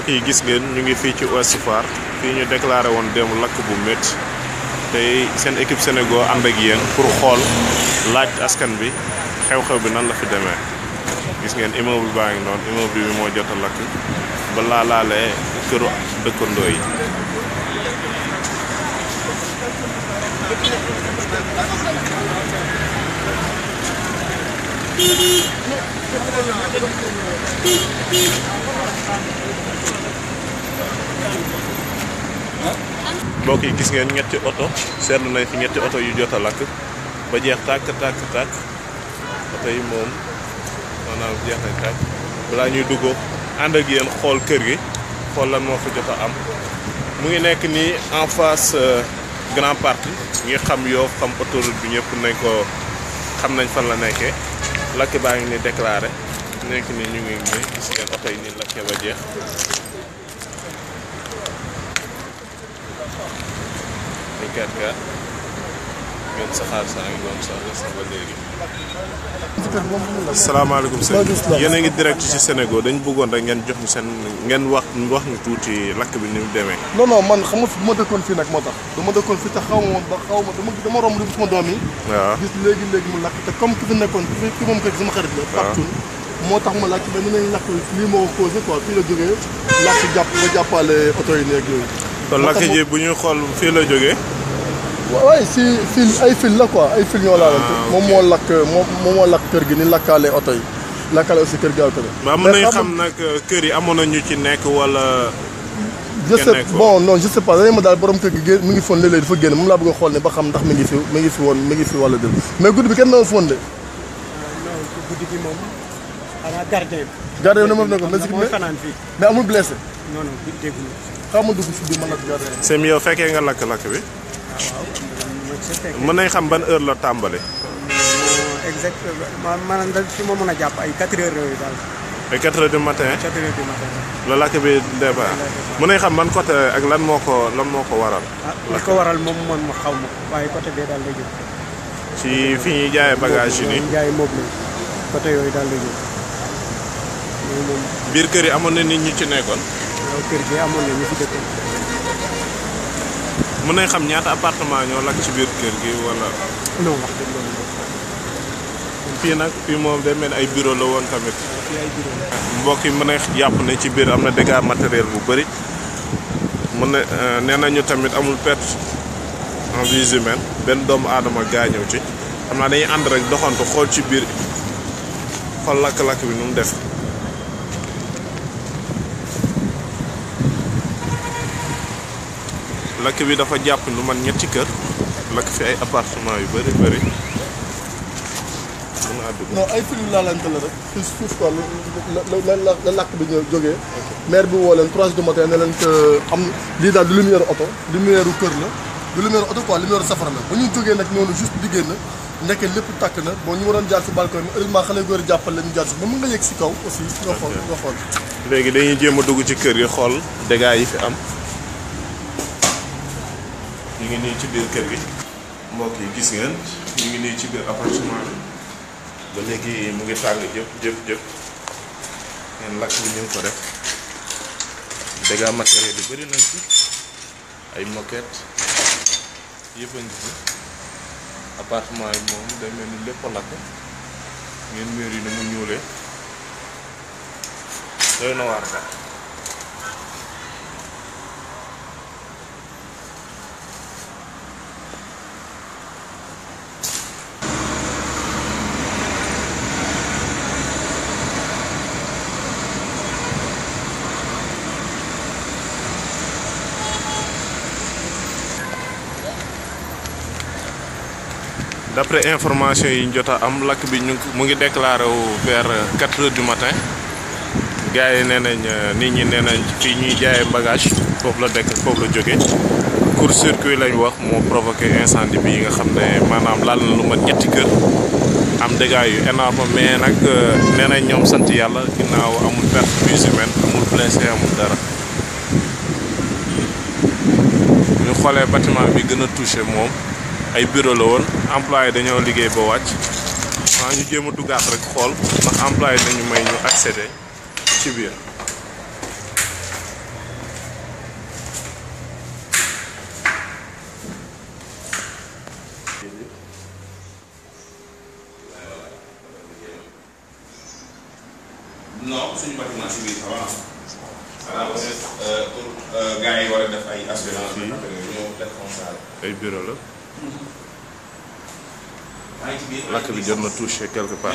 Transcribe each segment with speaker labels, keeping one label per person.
Speaker 1: mbokk gis ngeen ñu ngi fii ci Ouest Foire fii ñu déclaré woon démb lakk bu métti tey seen équipe Sénégo ànd ak yéen pour xool laaj askan bi xew-xew bi nan la fi demee gis ngeen immeuble baa ngi noonu immeuble bi moo jot a lakk laale laalaalee këru dëkkandoo yi. mbokk yi gis ngeen ñetti oto seetlu nañ fi ñetti oto yu jot a lakk ba jeex tàkk tàkk tàkk oto yi moom maanaam jeex nañ tàkk balaa ñuy duggoo ànd ak yéen xool kër gi xool lan moo fa jot a am mu ngi nekk nii en face euh, grand parti ñi xam yoo xam autoroute bi ñëpp nañ ko xam nañ fan la nekkee lakk baa ngi ni déclaré nekk ni ñu ngi nii gis ngeen oto yi nii lakkee ba jeex 4x4 saa ngi doon soxla
Speaker 2: sax a ngi direct ci
Speaker 1: Sénégal dañu bëggoon rek ngeen jox ñu seen ngeen wax wax ñu tuuti lakk bi ni demee.
Speaker 2: non non man xam nga fi ma dëkkoon fii nag moo tax. dama dëkkoon fii te xaw ma ma dama dama romb li sama léegi léegi mu te comme nekkoon ki fi moom kër gi sama xarit la. moo tax ma laajte mais ni nañ lakk lii moo causé quoi fii la jógee
Speaker 1: lakk jàpp nga jàppale oto yi nekk yooyu. kon lakk ji bu ñuy xool fii la jógee.
Speaker 2: waaye si fil ay fil la quoi ay fil ñoo laalante ah, moom moo lakk moom moom moo lakk kër gi ni lakkaale oto yi lakkaale aussi kër gi oto kër
Speaker 1: waaw mën nañu xam nag euh, kër yi amoon na ñu ci nekk wala je sais bon
Speaker 2: non ma daal borom kër mi ngi fon léeg-léeg dafa génn moom laa bëgg a xool ne ba xam ndax mi ngi fi woon mi ngi fi wala déet mais guddi bi kenn doon fon de guddi na ma ne ko mais amul blessé non ma nag
Speaker 1: gardien bi yow fekkee nga lakk-lakk bi mën nañ xam ban heure la tàmbali.
Speaker 2: exactement maanaam daal fi ma mën a jàpp ay 4 heures
Speaker 1: yooyu daal. ay 4 heures du matin. 4 heures du matin. la làkk bi départ. mën nañ xam ban côté ak lan moo ko lan moo ko waral. ah li ko waral moom man ma xaw ma waaye côté bee daal la jóg. ci fi ñuy jaayee bagage yi nii
Speaker 2: jaay mobile côté yooyu daal la jóg.
Speaker 1: biir kër yi amoon na nit ñu ci nekkoon.
Speaker 2: kër gi amoon na ñu fi dëkkoon.
Speaker 1: mën nañ xam ñaata appartement ñoo lakk ci biir kër gi wala. fii nag fii moom day mel ay bureau la woon tamit. mbokk yi mën nañ yàpp ne ci biir am na dégâts matériel bu bari mën na euh, nee nañu tamit amul pet en benn doomu aadama gaañoo ci xam naa dañuy ànd rek doxantu xool ci biir xool lakk-lakk bi nu mu def. lakk bi dafa jàpp lu man ñetti kër lakk fi ay appartement yu bëri bëri mën naa dugg.
Speaker 2: non ay film laalante la rek fii suuf quoi la la lakk bi ñu jógee. maire bi woo leen 3 heures du matin ne leen que am lii daal du lumière oto lumière kër la du lumière oto quoi lumière safara la ba ñu jógee nag noonu juste di génn nekk lépp tàkk na boo ñu waroon jaar si balcon bi heureusement xale góor jàppal la ñu jaar si ba mën nga yegg si kaw aussi. nga xool nga xool.
Speaker 1: léegi dañuy jéem a dugg ci kër yi xool dégâts yi fi am. ñu ngi nii ci biir kër gi mbokk yi gis ngeen ñu ngi nii ci biir appartement bi ba mu ngi tàng jëpp jëpp jëpp ngeen lakk bi ñu ko def dégâts matériels yu bari nañ ci ay moquette yëpp a appartement yi moom day mel ni lépp a lakk ngeen mur yi ni mu ñuulee doy na waar d'après information yi ñu jot a am lakk bi mu ngi déclaré wu vers 4 heures du matin gars yi nee nañ euh, nit ñi nee nañ fii ñuy jaayee bagage foofu la dekk foofu la jóge court circuit lañ wax moo provoqué incendie bi yi nga xam ne maanaam laal na lu mat ñetti kër am dégâts yu énorme mais nag euh, nee nañ ñoom sant yàlla ginnaaw amul perte plus humaine amul blessé amul dara ñu xoolee bâtiment bi gën a touché moom. ay bureau la woon employé dañoo liggéey ba wàcc waaw ñu jéem a duggaat rek xool ndax employé nañu may ñu accéder ci biir euh, euh, yi war a def ay assurance. ay lakk bi jot na touché quelque part.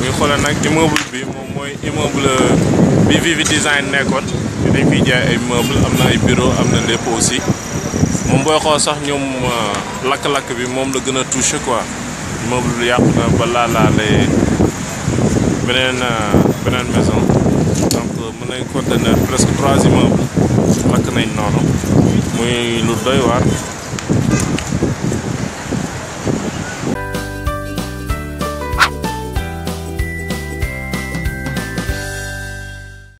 Speaker 1: mais yow nag immeuble bi moom mooy immeuble bi Vivi Design nekkoon dañ fiy jaay ay meuble am na ay bureau am na lépp aussi moom booy xool sax ñoom euh, lakk-lakk bi moom la gën a touché quoi immeuble bi yàqu na ba laalaalee beneen euh, beneen maison. mën nañ coordonné presque trois immeubles lakk nañ noonu muy lu doy waar